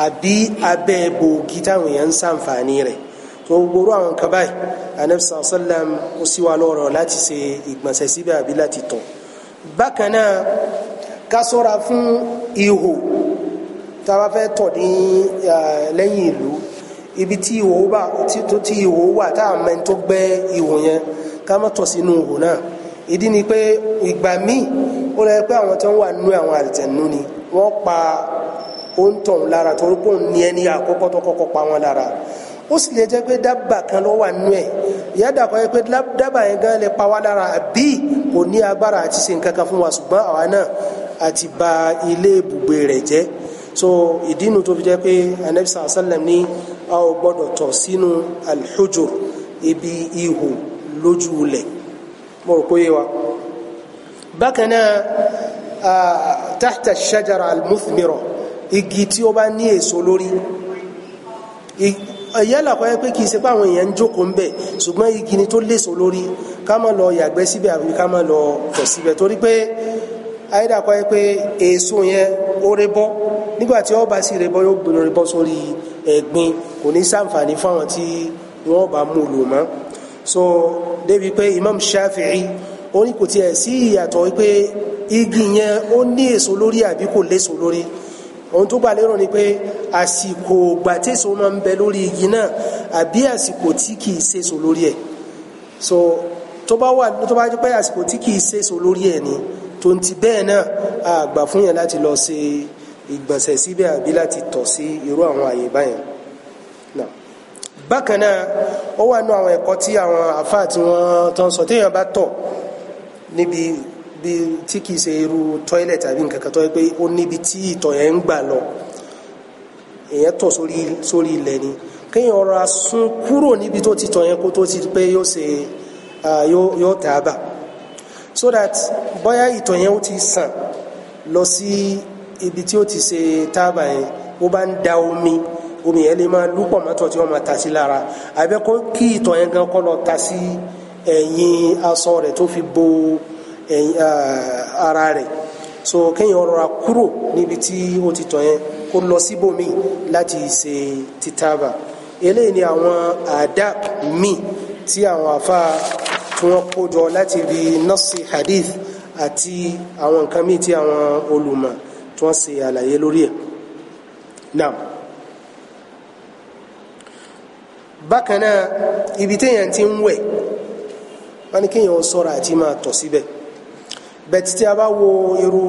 àbí abẹ́ bòógì táwọn èèyàn ń ṣàǹfààní rẹ̀ tó gbogbo àwọn kan báyìí anabisa sallam ó sì wà lọ́rọ̀ láti ṣe ìgbọ̀nsẹ̀ síbẹ̀ àbí láti tọ̀ bákan náà ká ṣọ́ra fún ihò tá fẹ́ tọ̀ ní lẹ́yìn ìlú ibi tí ihò wà tó tí ihò wà tá à mẹ́ni tó gbẹ́ ihò yẹn ká má tọ̀ sínú ihò náà ìdí ni pé ìgbà míì ó lọ pé àwọn tó ń wà nú àwọn àlìjẹ̀nú ni wọ́n pa òǹtọ̀n lára torí pé òun ní ẹni àkọ́kọ́ tó kọ́kọ́ pa wọn lára ó sì lè jẹ́ pé dábàá kan ló wà nú ẹ̀ ìyáàdà kan yẹ pé dábàá yẹn gan lè pa wá lára àbí kò ní agbára àti ṣe nǹkan kan fún wa ṣùgbọ́n àwa náà àti bà ilé ibùgbé rẹ̀ jẹ́ so ìdí inú tó fi jẹ́ pé anabi sàlẹ̀ ní a ò gbọ́dọ̀ tọ̀ sínú alhujur ibi ihò lójú ilẹ̀ mo rò pé wa bákan náà tahta shajara almuthmira igi tí ó bá ní èso lórí yálà kọ́ yẹ pé kì í ṣe pé àwọn èèyàn ń jókòó ń bẹ̀ ṣùgbọ́n igi ni tó léso lórí ká má lọ yàgbẹ́ síbẹ̀ àbí ká lọ tọ̀ síbẹ̀ torí pé ayédà kọ́ yẹ pé èso yẹn ó rebọ́ nígbà tí ó rebọ́ yóò gbèrò rebọ́ sórí ẹ̀gbin kò ní ṣàǹfààní fáwọn tí wọ́n bá mú lò mọ́ so débi pé Imam Shafi'i ó ní kò tiẹ̀ sí ìyàtọ̀ wípé igi yẹn ó ní èso lórí àbí kò léso lórí ohun tó gbà lérò ni pé àsìkò gbàtẹ́sọ máa ń bẹ lórí igi náà àbí àsìkò tí kìí ṣèso lórí ẹ̀ so tó bá wà tó bá jẹ́ pé àsìkò tí kìí ṣèso lórí ẹ̀ ni tó ń ti bẹ́ẹ̀ náà àgbà fún yẹn láti lọ ṣe é ìgbọ̀nsẹ̀ síbẹ̀ àbí láti tọ̀ sí irú àwọn àyè báyẹn náà bákan náà ó wà nú àwọn ẹ̀kọ́ tí àwọn àfáà tí wọ́n tán sọ téèyàn bá tọ̀ níbi bí tí kìí ṣe irú toilet àbí nǹkan kan tó yẹ pé ó níbi tí ìtọ̀ yẹn ń gbà lọ èyàn tọ̀ sórí ilẹ̀ ni kéèyàn ọ̀rọ̀ asún kúrò níbi tó ti tọ̀ yẹn kó tó ti pé yóò ṣe yóò tàbà so that bóyá ìtọ̀ yẹn ó ti sàn lọ sí. Si, ibi tí ó ti ṣe tábà yẹn ó bá ń da omi omi yẹn lè máa lúpọ̀ mọ́tò tí wọ́n máa ta sí lára àbẹ́ kó kí ìtọ̀ yẹn gan kọ́ lọ ta sí ẹ̀yìn aṣọ rẹ̀ tó fi bo ara rẹ̀ so kéèyàn rọra kúrò níbi tí ó ti tọ̀ yẹn kó lọ síbòmíì láti ṣe títàbà eléyìí ni àwọn adab mi, tí àwọn afa tí wọ́n kó jọ láti bi nọ́ọ̀sì hadith àti àwọn nǹkan míì tí àwọn olùmọ̀ tí wọ́n ṣe àlàyé lórí ẹ̀ náà bákan náà ibi téèyàn ti ń wẹ̀ wọ́n ní kéèyàn ṣọ́ra àti máa tọ̀ síbẹ̀ bẹ́ẹ̀ tí a bá wo irú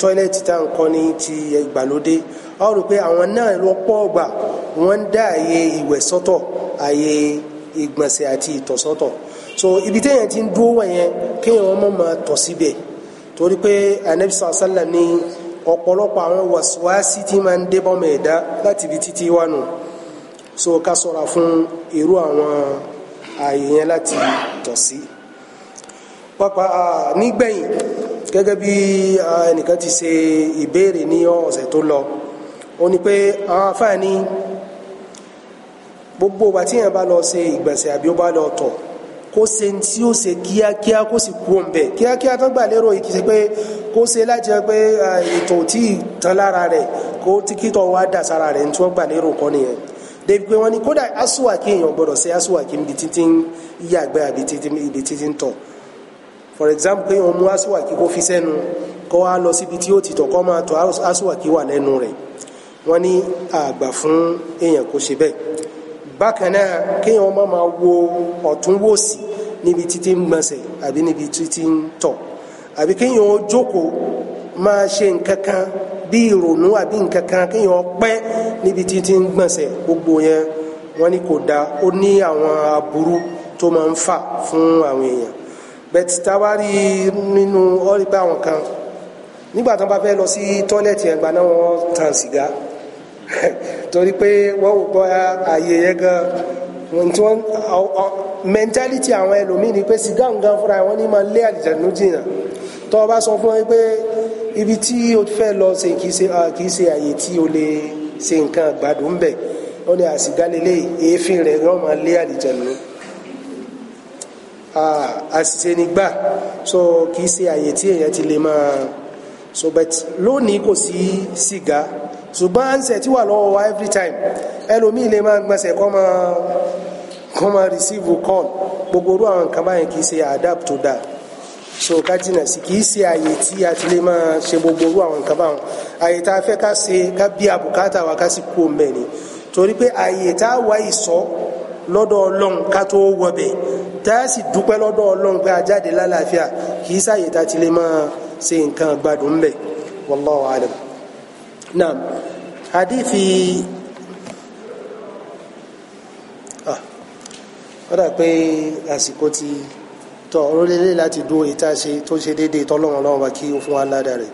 tọ́ílẹ̀tì tá à ń kọ́ ní ti ìgbàlódé a ó rí i pé àwọn náà lọ́pọ̀ ọgbà wọ́n ń dá àyè ìwẹ̀ sọ́tọ̀ àyè ìgbọ̀nsẹ̀ àti ìtọ̀ so ibi téèyàn ti ń dúró wẹ̀ yẹn kéèyàn ọmọ máa tọ̀ síbẹ̀ torí pé anabi sallam ní ọ̀pọ̀lọpọ̀ àwọn wàsíwáṣí tí máa ń débọ́ mẹ̀ẹ́dá láti ibi títí wà so ká sọ́ra fún irú àwọn ààyè yẹn láti tọ̀ sí pápá nígbẹ̀yìn gẹ́gẹ́ bí ẹnìkan ti ṣe ìbéèrè ní ọ̀sẹ̀ tó lọ ó ní pé àwọn afáàní gbogbo ìgbà bá lọ ṣe ìgbẹ̀sẹ̀ àbí ó bá lọ tọ̀ kó ṣe tí ó ṣe kíákíá kó sì kú ọ̀nbẹ kíákíá tó gbà lérò yìí kì í ṣe pé kó ṣe láti ẹ pé ètò tí ìtàn lára rẹ kó tíkítọ̀ wá dà sára rẹ tí wọ́n gbà lérò kọ́ nìyẹn débi pé wọ́n ní kódà asúwàkí èèyàn gbọ́dọ̀ ṣe asúwàkí ibi títí ń yàgbẹ́ àbí ibi títí ń tọ̀ for example pé wọ́n mú asúwàkí kó fi sẹ́nu kó wá lọ síbi tí ó ti tọ̀ kó máa tọ̀ asúwàkí wà lẹ́nu rẹ̀ wọ́n ní àgbà fún èèyàn kó ṣe bẹ́ẹ̀ bákan náà kéèyàn má máa wo ọ̀tún wòsì níbi títí ń gbọ̀nsẹ̀ àbí níbi títí ń tọ̀ àbí kéèyàn ó jókòó máa ṣe nǹkan kan bí ìrònú àbí nǹkan kan kéèyàn pẹ́ níbi títí ń gbọ̀nsẹ̀ gbogbo yẹn wọ́n ní kò dáa ó ní àwọn aburú tó máa ń fà fún àwọn èèyàn bẹ́ẹ̀ tí táwa nínú ọ́ àwọn kan nígbà tí bá fẹ́ lọ sí tọ́lẹ̀tì ẹ̀gbà náà wọ́n tàn sìgá. torí pé wọ́n wò pé ààyè yẹn gan ohun tí wọ́n mẹ́ńtálítì àwọn ẹlòmíì ni pé sìgá nǹkan fúnra wọn ní máa lé àlìjànú jìnnà tó o bá sọ fún ẹ pé ibi tí o fẹ́ lọ ṣe kì í ṣe kì í ṣe àyè tí o lè ṣe nǹkan gbádùn bẹ̀ ó ní àsìgá lélẹ̀ èéfín rẹ̀ yóò máa lé àlìjànú àṣìṣe nígbà so kì í ṣe àyè tí èèyàn ti lè máa so but lónìí kò sí sìgá ṣùgbọ́n ansẹ̀ tí wà lọ́wọ́ wa every time ẹlòmíì lè máa gbọ́nsẹ̀ kọ́ máa receive call gbogbo orú àwọn nǹkan báyẹn kì ṣe adapt tó dáa so ká jìnà sí kì í ṣe àyè tí a ti lè máa ṣe gbogbo orú àwọn nǹkan báwọn àyè tá a fẹ́ ká ṣe ká bí àbùkátà wa ká sì kú òǹbẹ̀ ni torí pé àyè tá a wá ìsọ lọ́dọ̀ ọlọ́run ká tó wọbẹ̀ tá a sì dúpẹ́ lọ́dọ̀ ọlọ́run pé a jáde lálàáfíà kì í ṣàyè tá a ti lè máa ṣe nǹkan gbádùn ńbẹ̀ wallahu alam. نعم حديث اه ọ̀dà pé àsìkò ti tọ orílẹ̀-èdè láti dúró ìta ṣe tó ṣe déédéé tọ́lọ́run ọlọ́run bá kí ó fún wa ládàá rẹ̀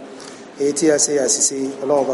èyí tí a ṣe àṣìṣe ọlọ́run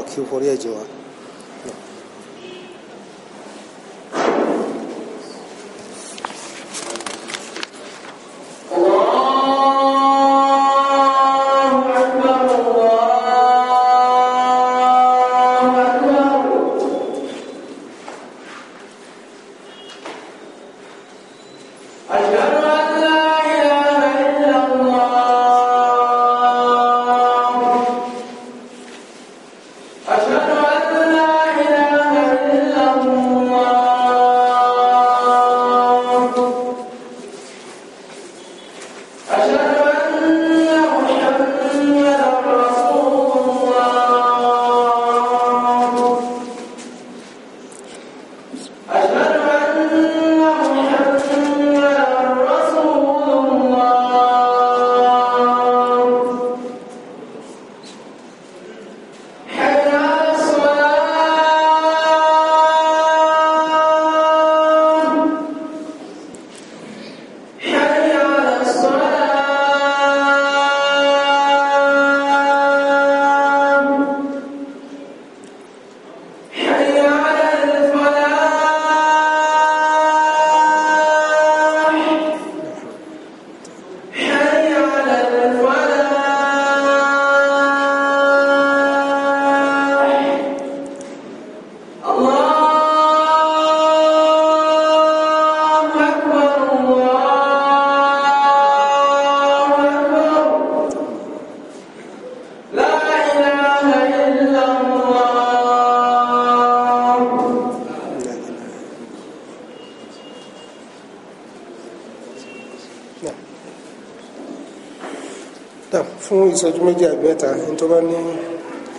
fún ìṣẹ́jú méjì àgbẹ́ta ní tó bá ní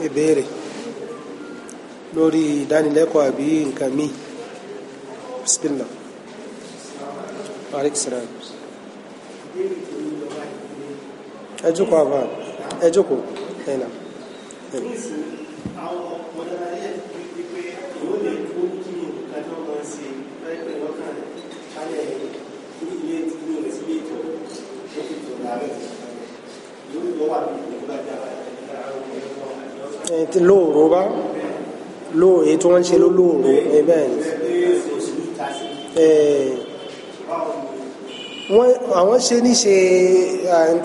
ìbéèrè lórí ìdánilẹ́kọ̀ọ́ àbí nǹkan míì bismillah alexander ẹjọ́kọ̀ àbá ẹjọ́kọ̀ ẹ̀nà Thank you. ti lóòrò bá lóò èyí lo wọ́n ń ṣe eh lóòrò ẹ̀bẹ̀ àwọn ṣe níṣe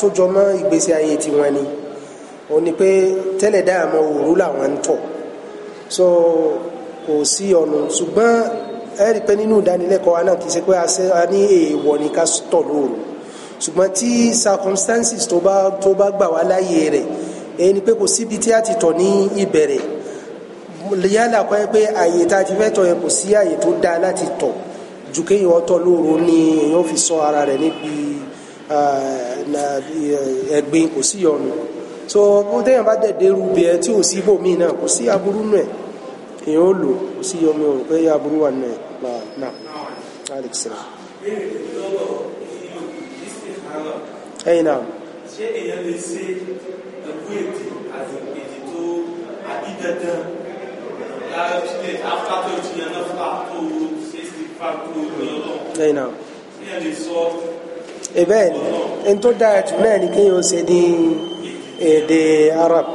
tó jọ mọ́ ìgbésí ayé tiwọn ni ó ní pé tẹ́lẹ̀ dáàmọ́ òru làwọn ń tọ̀ so kò sí ọ̀nà ṣùgbọ́n ẹ̀rí pe nínú ìdánilẹ́kọ̀ọ́ náà kì í ṣe pé a ní èèwọ̀ ní ká tọ̀ lóòrò ṣùgbọ́n tí circumstances tó bá tó bá gbà wá láyé rẹ̀ ẹni pé kò síbi tí a ti tọ̀ ní ìbẹ̀rẹ̀ yálà kọ́ ẹ pé àyè tá a ti fẹ́ tọ̀ yẹn kò sí àyè tó dáa láti tọ̀ ju kéèyàn ọtọ̀ lóru ni èèyàn fi sọ ara rẹ̀ níbi ẹ̀gbin kò sí yọnu so bó téèyàn bá dẹ̀dẹ̀ ru bẹ̀ tí ò sí bòmí náà kò sí aburú nù ẹ̀ èèyàn ó lò kò sí yọmi òrùn pé aburú wà nù ẹ̀ náà alex sira ẹ̀yìn náà ṣé èèyàn lè ṣe ẹ̀kú èdè àti èdè tó àbídandan láti after tó ti yàn náà tó ṣe sí fàtó lọ́nà ẹ̀yìn náà èèyàn lè sọ bẹ́ẹ̀ ni n tó dáa jù náà ni kéèyàn ṣe ní èdè Arab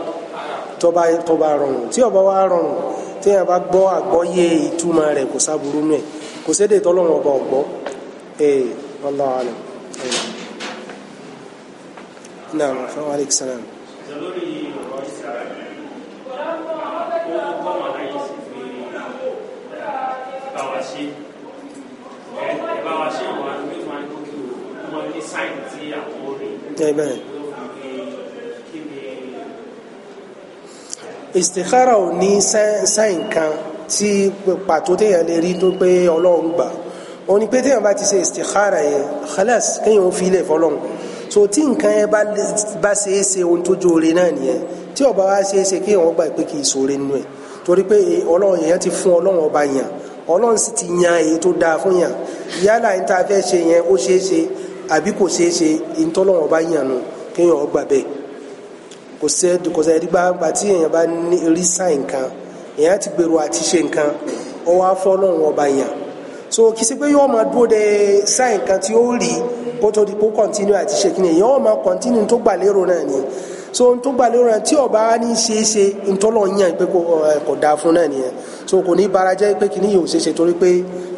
tó bá tó bá rọrùn tí ó bá wá rọrùn téèyàn bá gbọ́ àgbọ́yé ìtumọ̀ rẹ̀ kò sábúrú nù ẹ̀ kò sédè tọ́lọ́run ọba ọ̀gbọ́ ẹ̀ wallahu alam. نعم وعليك السلام tẹ́bẹ̀ istikhara ò ní sáìn kan tí pàtó téèyàn lè rí tó pé ọlọ́run gbà ó ní pé téèyàn bá ti ṣe istikhara yẹn khalas kéèyàn ó fi ilé fọlọ́run so tí nǹkan yẹn bá ṣe é ṣe ohun tó jóore náà nìyẹn tí ó bá wá ṣe é ṣe kí èèyàn gbà pé kì í ṣoore nínú ẹ̀ torí pé ọlọ́run èèyàn ti fún ọlọ́run ọba yàn ọlọ́run sì ti yan èyí tó dáa fún yàn yálà ní ta fẹ́ ṣe yẹn ó ṣe é ṣe àbí kò ṣe é ṣe ìtọ́lọ́run ọba yàn nù kéèyàn gbà bẹ́ẹ̀ kò sẹ́ kò sẹ́ ẹ̀dígbà gbà tí èèyàn bá rí sáì nǹkan èèyàn ti gbèrò àti ṣe nǹkan ọwọ́ afọ́ ọlọ́run ọba yàn so kì í ṣe pé yóò máa dúró de sáì nǹkan tí ó rí kó di kó kọ́ntínú àti ṣe kí ni èèyàn ọmọ kọ́ntínú tó gbà lérò náà ni so n tó gbà lérò náà tí ọba ní ṣe é ṣe n tó lọ yàn pé kò dáa fún náà nìyẹn so kò ní bara jẹ́ pé kí ni yóò ṣe ṣe torí pé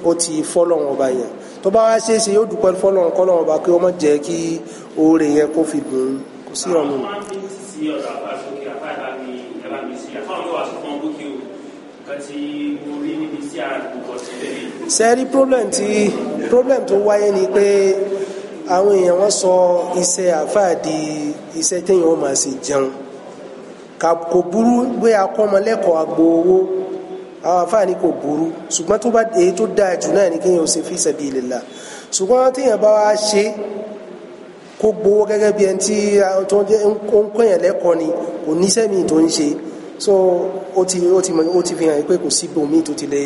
ó ti fọ́lọ́run ọba yẹn tó bá wá ṣe é ṣe yóò dúpẹ́ fọ́lọ́run kọ́lọ́run ọba kí ó má jẹ́ kí oore yẹn kó fi gùn kó sí ọ̀nà. sẹ́ẹ̀rí problem tí problem tó wáyé ni pé àwọn èèyàn wọ́n sọ iṣẹ́ àfáà di iṣẹ́ téèyàn ó máa ṣe jẹun kò burú pé akọ́mọlẹ́kọ̀ọ́ agbo owó àwọn àfáà ni kò burú ṣùgbọ́n tó bá èyí tó dáa jù náà ni kéèyàn ó ṣe fi sabilillah ṣùgbọ́n téèyàn bá wá ṣe kó gbowó gẹ́gẹ́ bí ẹni tí tó ń jẹ́ ń kọ́yàn lẹ́kọ̀ọ́ ni kò níṣẹ́ mi tó ń ṣe so ó ti ó ti ó ti fi hàn pé kò síbò míì tó ti lè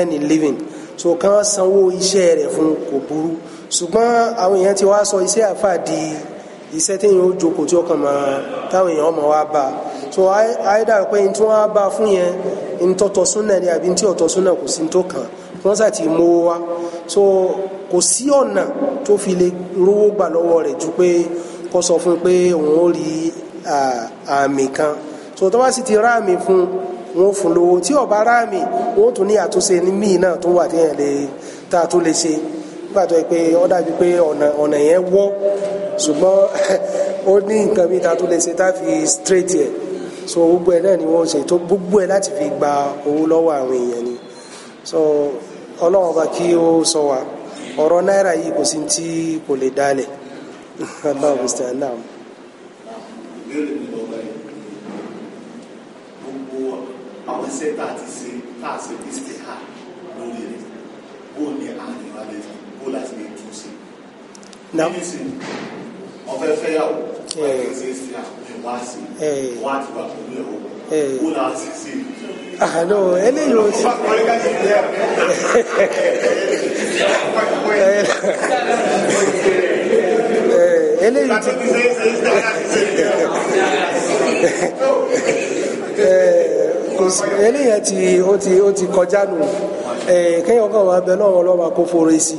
ẹni living so kàn sanwó iṣẹ́ rẹ̀ fún kò burú ṣùgbọ́n àwọn èèyàn ti wá sọ iṣẹ́ àfà di iṣẹ́ tí yóò jókòó tí ó kàn máa táwọn èèyàn ọmọ wa bá so àìdá pé n tí wọ́n bá fún yẹn n tọ́tọ̀ súnà ni àbí n tí ọ̀tọ̀ súnà kò sí tó kàn wọ́n sà ti mú wa so kò sí ọ̀nà tó fi lè rówó gbà lọ́wọ́ rẹ̀ ju pé kó sọ fún pé òun ó rí àmì kan so tó bá sì ti rá àmì fún wọn fún lówó tí ó bá rá àmì wọn tún ní àtúnṣe ní míì náà tó wà ní lè tá a tún lè ṣe gbàtọ́ pé ó dàbí pé ọ̀nà ọ̀nà yẹn wọ́ ṣùgbọ́n ó ní nǹkan bí ta tó lè ṣe tá fi straight yẹ so gbogbo ẹ̀ náà ni wọ́n ṣe tó gbogbo ẹ̀ láti fi gba owó lọ́wọ́ àwọn èèyàn ni so ọlọ́run ọba kí ó sọ wa ọ̀rọ̀ náírà yìí kò sí tí kò lè dálẹ̀ àwọn iṣẹ́ tá a ti ṣe tá a ṣe bí ṣe hà lórí rẹ̀ ó ní àná kó láti lè tún sí níṣẹ́ ọ̀fẹ́ fẹ́yàwó ọ̀fẹ́ ṣe sí àkójọ wá sí wọ́n á ti wà pẹ̀lú ẹ̀wọ̀ ah, kó láti sí àhànà eléyìí ó ti eléyìí ti kò sí eléyìí ti ó ti kọjá nù. Eh, kéèyàn kàn máa bẹ lọ́wọ́ ọlọ́wọ́ kó forí sí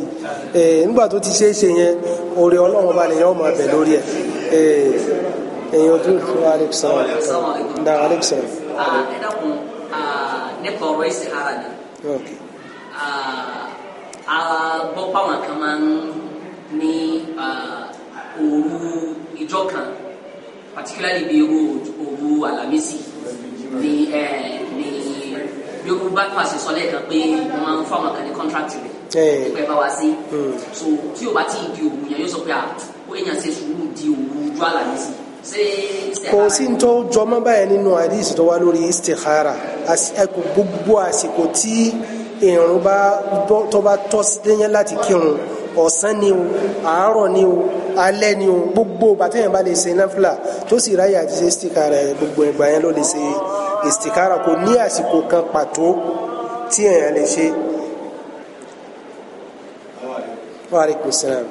eh, nígbà tó ti ṣeé ṣe yẹn oore ọlọ́wọ́ bá nìyẹn ó máa lórí ẹ̀ èyàn eh, ojú fún alexan nda alexan. ẹ dákun ah, ah, ah, kan máa ń ní òru ìjọ kan particularly bí òru yorùbá kan àṣẹ sọ lẹ́ẹ̀kan pé wọ́n máa ń fáwọn kan ní contract rẹ̀ nípa ẹ̀ bá sí hmm. so tí yóò bá tí ì di òwú yẹn yóò sọ pé ó èèyàn ṣe sùúrù di òwú ojú àlàyé sí kò sí ń tó jọmọ́ báyẹn nínú àdìsí tó wá lórí istikhara gbogbo àsìkò tí ìrun bá tó bá tọ́ sílẹ̀yẹn láti kírun ọ̀sán ni o àárọ̀ ni o alẹ́ ni o gbogbo bàtẹ́yìn bá lè ṣe náfìlà tó sì ráyè àti ṣe istikhara gbogbo ìgbà yẹn ló lè ṣe istikara kò ní àsìkò kan pàtó tí èèyàn lè ṣe. Wàhálàkùn sàlám.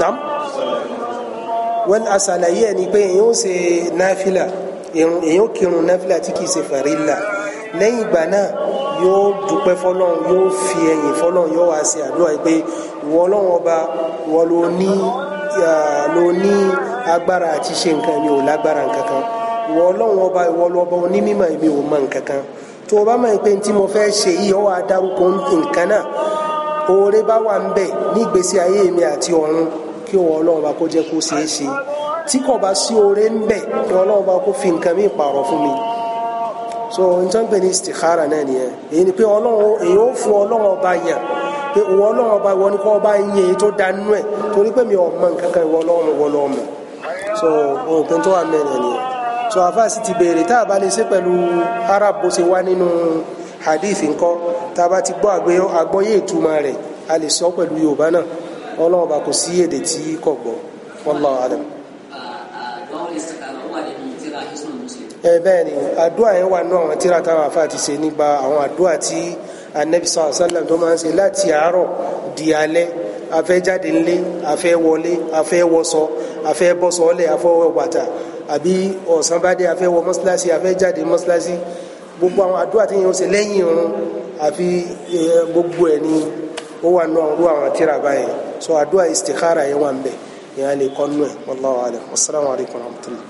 Nam. Wọ́n àṣàlàyé ẹni pé èèyàn ó ṣe náfìlà, èèyàn ó kírun náfìlà tí kìí ṣe fàrílà. Lẹ́yìn ìgbà náà, yóò dúpẹ́ fọlọ́run, yóò fi ẹ̀yìn fọlọ́run, yóò wá ṣe àdúrà pé ìwọ ọlọ́run ọba, ìwọ ló ní ló ní agbára àti ṣe nǹkan mi ò lágbára nǹkan kan ìwọ ọlọ́run ọba ìwọ ọlọ́ba ní mímọ̀ èmi ò mọ nǹkan kan tó o bá mọ̀ pé tí mo fẹ́ ṣe yìí ó wá dárúkọ nǹkan náà oore bá wà ń bẹ ní ìgbésí ayé mi àti ọ̀run kí ìwọ ọlọ́run bá kó jẹ́ kó ṣeé ṣe tí kò bá sí oore ń bẹ kí ọlọ́run bá kó fi nǹkan mi pààrọ̀ fún mi so n tán pè ní istikhara náà nìyẹn èyí ni pé ọlọ́run èyí ó fún ọlọ́run ọba yàn pé ìwọ ọlọ́run ọba ìwọ ni kọ́ ọba yẹn èyí tó dánú ẹ̀ torí pé mi ò mọ nǹkan kan ìwọ ọlọ́run ìwọ ọlọ́run so òun pé tó wà mẹ́rin nìyẹn so àfa sì ti béèrè tá a bá lè ṣe pẹ̀lú arab bó ṣe wá nínú hadith ńkọ́ tá a bá ti gbọ́ àgbọ́yé ìtumọ̀ rẹ̀ a lè sọ pẹ̀lú yorùbá náà ọlọ́run bá kò sí èdè tí kò gbọ́ wallahu alam. ẹ bẹ́ẹ̀ ni àdúrà yẹn wà nù àwọn tíra táwọn afa ti ṣe nípa àwọn àdúrà tí anabi sallallahu alaihi wasallam tó máa ń ṣe láti àárọ̀ di alẹ́ afẹ́ jáde ńlé afẹ́ wọlé afẹ́ bàtà àbí ọ̀sán bá dé afẹ́ wọ mọ́ṣáláṣí afẹ́ jáde mọ́ṣáláṣí gbogbo àwọn àdúrà tí yẹn ń ṣe lẹ́yìn irun àfi gbogbo ẹ̀ ni ó wà nù àwọn àwọn àtìrà báyìí so àdúrà istikhara yẹn wà ń bẹ̀ yẹn á lè kọ́ nù ẹ̀ wallahu alam wasalaamualeykum wa rahmatulah.